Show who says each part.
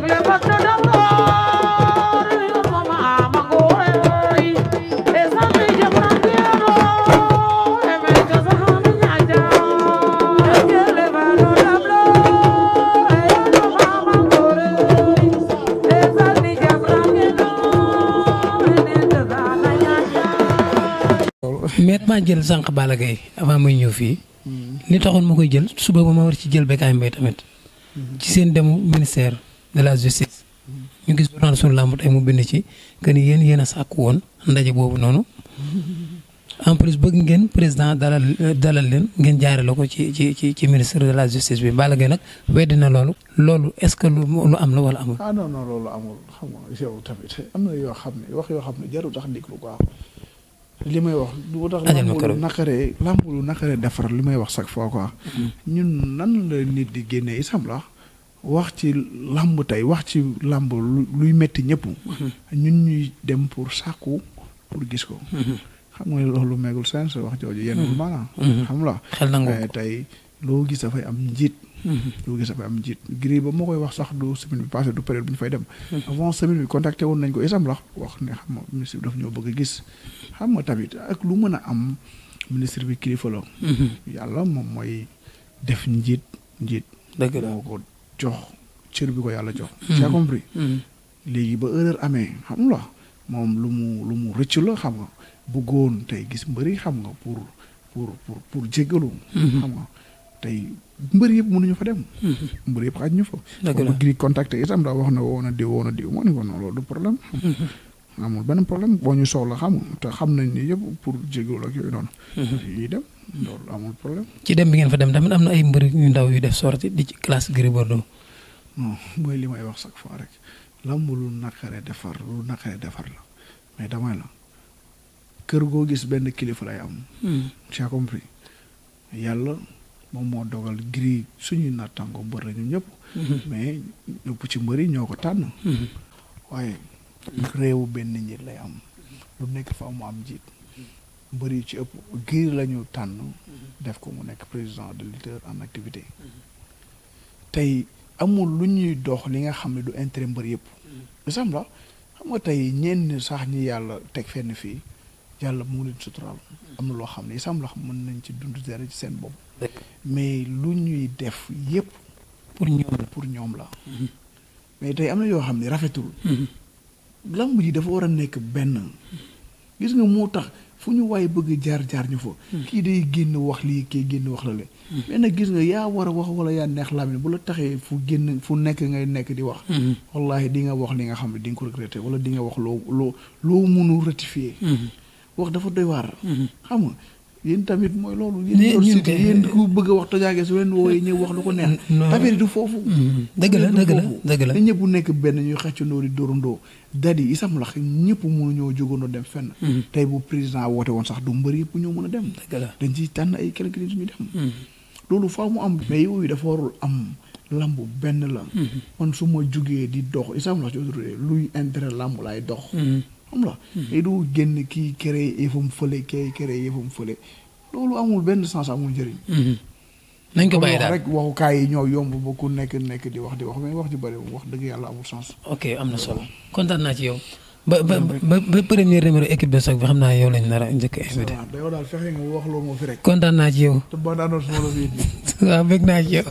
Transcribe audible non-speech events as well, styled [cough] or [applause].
Speaker 1: mais damaa jël sànq Balla Gaye avant may ñëw fii hmm. li taxoon ma koy jël suba ba ma war ci jël bekkaay mbay tamit hmm. ci seen demu ministère de la justice ñu gis journal suñu làmb tey mu bind ci que ni yéen yéen a sàkk woon ndaje boobu noonu en plus bëgg ngeen président dalal dalal leen ngeen jaarale ko ci ci ci ci ministre de la justice bi Balla Gaye nag weddi na loolu loolu est-ce que lu
Speaker 2: am la wala amul. ah non non loolu amul xam nga yow tamit am na yoo xam wax yoo xam ne jarul tax déglu li may wax. du tax lamb lu naqaree lamb lu naqaree defar li may wax chaque fois quoi. Mm-hmm. ñun nan la nit di génnee isam la. wax ci làmb tey wax ci làmb luy metti ñëpp. ñun ñuy dem pour sàkku pour gis ko. xam nga loolu meegul sens wax jooju yenn bu maanaam. xam la eh, tey loo gis dafay am njiit. loo gis dafay am njiit Gris ba moo koy wax sax du semaine bi passé du période bu ñu fay dem. avant semaine bi contacté woon nañ ko isam la wax ne xam nga ministre bi daf ñoo bëgg a gis. xam nga tamit ak lu mën a am ministre bi kilifa mhm. yàlla moom mooy def njiit njiit. dëgg la jox cër bi ko yàlla jox. Mm. tu om compris. Mm. léegi ba erreur amee xam la moom lu mu lu mu rëcc la xam nga bëggoon tey gis mbëri xam nga pour pour pour pour jéggalu. Mm-hmm. xam nga tey mbëri yëpp mënuñu fa dem. Mm-hmm. mbëri yëpp xaaj ñu fa. dëgg la ba giri contacté itam wax na woo na diw woo diw moo ne ko non loolu du problème. Mm-hmm. amul benn problème boo ñu soxla xamul te xam nañ ni yëpp pour jégalu ak yooyu noonu. ñuy mhm. dem loolu amul problème.
Speaker 1: ci dem bi ngeen fa dem tamit am na ay mbër yu ndaw yu def sorti di ci classe Gris Bordeaux.
Speaker 2: non hmm, mooy li may wax chaque fois rek lamb lu naqaree defar lu naqaree defar la mais damay la kër goo gis benn kilifa lay am. Hmm. tu as yàlla moom moo dogal Gris suñuy naataango mbër la ñëpp. Mhm. mais ñëpp ci mbër yi ñoo ko tànn. Mhm. waaye. réewu benn njiit lay am lu nekk fa mu am njiit mbër yi ci ëpp giir la tànn def ko mu nekk président de lutteur en activité tey amul lu ñuy dox li nga xam ne du intérêt mbër yëpp exemple xam nga tey ñenn sax ñi yàlla teg fenn fii yàlla mu leen sutural am na loo xam ne exemple la mën nañ ci dund dara ci seen bopp mais lu ñuy def yëpp pour ñoom la pour ñoom la mais tey am na yoo xam ne rafetul lamb yi dafa war a nekk benn gis nga moo tax fu ñu waaye bëgg jaar jaar ñu fa. Hmm. kii day génn wax lii kii génn wax la le hmm. gis nga yaa war a wax wala yaa neex làmmiñ bu la taxee fu génn fu nekk ngay nekk di wax. Hmm. wallaahi di nga wax li nga xam ne di nga ko regretter wala di nga wax loo loo loo mënu ratifier. wax dafa doy waar. xam yéen tamit mooy loolu. yéen yéen ku bëgg wax tojaage su leen yi ñëw wax lu ko neex. [laughs] affaire yi mm-hmm. du foofu. dëgg la dëgg la dëgg la ñëpp nekk benn ñuy xëccandoo di dóorandoo dadi yi isam lax ñëpp mu ñëw jógandoo dem fenn. Mm-hmm. tey bu président woote woon sax du mbër yëpp ñoo mën a dem. dëgg la dañ ciy tànn ay quelques nit ñu dem. Mm-hmm. loolu faaw mu am. mais yooyu dafa warul am. lamb benn la. man su ma jugee di dox isam lax ci luy intérêt lamb laay dox. xam la hmm. du génn kii créé yëfam fële kii créé yëfam fële loolu amul benn sens amul njëriñ. Hmm. nañ ko bàyyi daal rek waxukaay yi ñoo yomb ba nekk nekk di wax di wax mais wax ji bëri wax dëgg yàlla amul sens. ok am na solo
Speaker 1: kontaan naa ci yow. ba ba ba premier de choc xam naa yow lañ nar a njëkk a invité.
Speaker 2: waaw daal fexe nga wax loo te boo daanoo su bëgg naa ci yow.